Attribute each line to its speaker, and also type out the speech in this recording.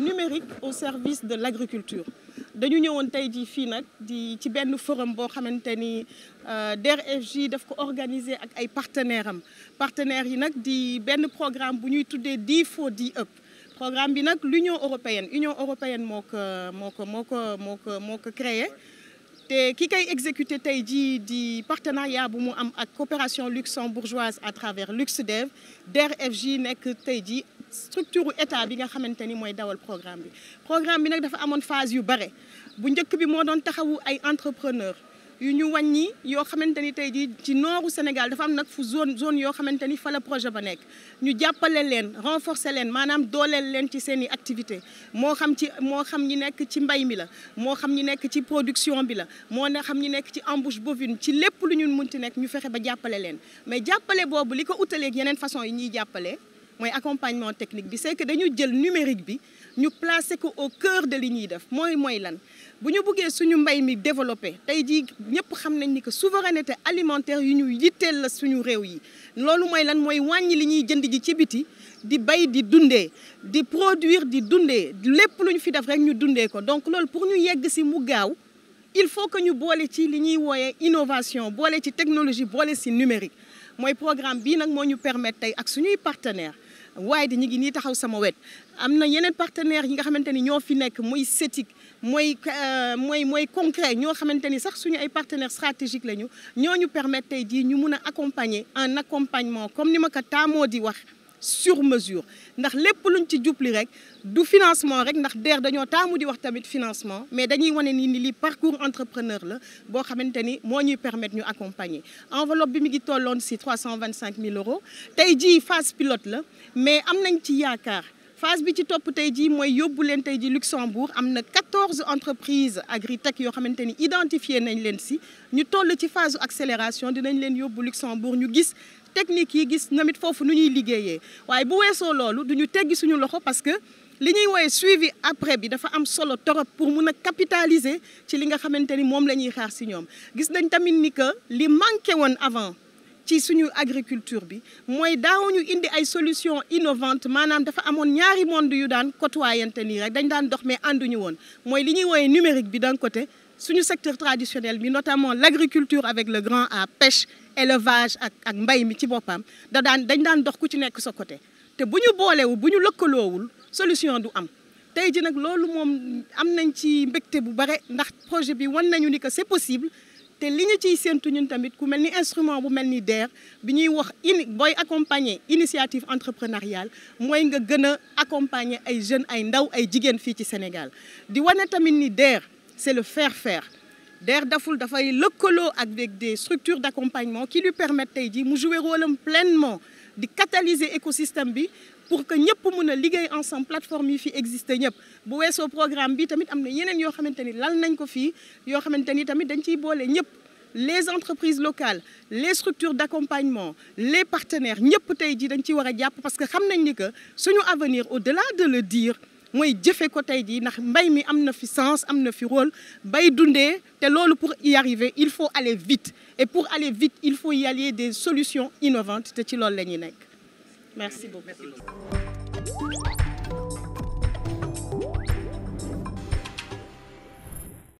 Speaker 1: numérique au service de l'agriculture dañu ñëwoon tey jii fii nag di ci benn forum boo xamante ni euh, DER/FJ def ko organiser ak ay partenaires am partenaires yi nag di benn programme bu ñuy tuddee di fois di up programme bi nag l'Union européenne Union européenne moo ko moo ko moo ko moo ko moo ko créé te ki koy exécuté tey jii di partenariat bu mu am ak coopération luxembourgeoise à travers LuxDev DER/FJ nekk tey jii structure état bi nga xamante ni mooy dawal programme bi. programme bi nag dafa amoon phase yu bare bu njëkk bi moo doon taxawu ay entrepreneur yu ñu wàññi yoo xamante ni tey jii ci nooru Sénégal dafa am nag fu zone zone yoo xamante ni fa la projet ba nekk ñu jàppale leen renforcer leen maanaam dooleel leen ci seen i activité moo xam ci moo xam ñi nekk ci mbay mi la moo xam ñi nekk ci production bi la moo ne xam ñi nekk ci embouche bovine ci lépp lu ñun ci nekk ñu fexe ba jàppale leen mais jàppale boobu li ko utaleeg yeneen façon yi ñuy jàppale mooy accompagnement technique bi c'est que dañu jël numérique bi ñu placer ko au cœur de li ñuy def mooy mooy lan bu ñu bëggee suñu mbay mi développé tey jii ñëpp xam nañ ni que souveraineté alimentaire yu ñu yitteel la suñu réew yi loolu mooy lan mooy wàññi li ñuy jënd ji ci biti di bay di dundee di produire di dundee lépp lu ñu fi def rek ñu dundee ko donc loolu pour ñu yegg si mu gaaw il faut que ñu boole ci li ñuy wooyee innovation boole ci technologie boole si numérique mooy programme bii nag moo ñu permettre tey ak suñuy partenaires waaye di ñu ngi nii taxaw sama wet am na yeneen partenaires yi nga xamante ni ñoo fi nekk mooy CETIC mooy euh, mooy mooy concret ñoo xamante ni sax suñu ay partenaires stratégiques lañu ñoo ñu permettre tey jii ñu mun a accompagner un accompagnement comme ni ma ko taamoo di wax. sur mesure ndax lépp luñ ci jubli rek du financement rek ndax DER dañoo taamu di wax tamit financement mais dañuy wane ni ni li parcours entrepreneur la boo xamante ni moo ñuy permettre ñu accompagner enveloppe bi mi ngi tolloon si cent vingt 325 000 euros tey ji phase pilote la mais am nañ ci yaakaar phase bi ci topp tey jii mooy yóbbu leen tey jii Luxembourg am na 14 entreprises agritech yoo xamante ni identifié nañ leen si ñu toll ci phase accélération dinañ leen yóbbu Luxembourg ñu gis technique yi gis namit foofu nu ñuy liggéeye waaye bu weesoo loolu du ñu teggi suñu loxo parce que li ñuy woye suivi après bi dafa am solo torop pour mun a capitaliser ci li nga xamante ni moom la ñuy xaar si ñoom gis nañ tamit ni que li manqué woon avant ci suñu agriculture bi mooy daawuñu indi ay solution innovante maanaam dafa amoon ñaari monde yu daan côtoyante nii rek dañ daan dox mais ànduñu woon mooy li ñuy woowe numérique bi d'un côté suñu secteur traditionnel bi notamment l'agriculture avec le grand à pêche élevage ak ak mbay mi ci boppam da daan dañ daan dox ku ci nekk sa côté te bu ñu boolewu bu ñu lëkkaloowul solution du am tey ji nag loolu moom am nañ ci mbégte bu bare ndax projet bi wan nañu ni que c'est possible te li ñu ciy séntu ñun tamit ku mel ni instrument bu mel ni DER bi ñuy wax ini booy accompagner initiative entrepreneuriale mooy nga gën a accompagner ay jeunes ay ndaw ay jigéen fii ci Sénégal di wane tamit ni DER c'est le faire faire DER-DAFUL dafay lëkkaloo avec des structures d'accompagnement qui lui permettent tey jii mu jouer rôle am pleinement di catalyser écosystème bi pour que ñëpp mën a liggéey ensemble plateforme yi fi existé ñëpp bu weesoo programme bi tamit am na yeneen yoo xamante ni lal nañ ko fii yoo xamante ni tamit dañ ciy boole ñëpp les entreprises locales les structures d'accompagnement les partenaires ñëpp tey jii dañ ciy war a jàpp parce que xam nañ ni que suñu avenir au-delà de le dire mooy jëfe ko tey jii ndax mbay mi am na fi sens am na fi rôle bay dundee te loolu pour y arriver il faut aller vite et pour aller vite il faut y allier des solutions innovantes te ci loolu la ñuy nekk merci beaucoup.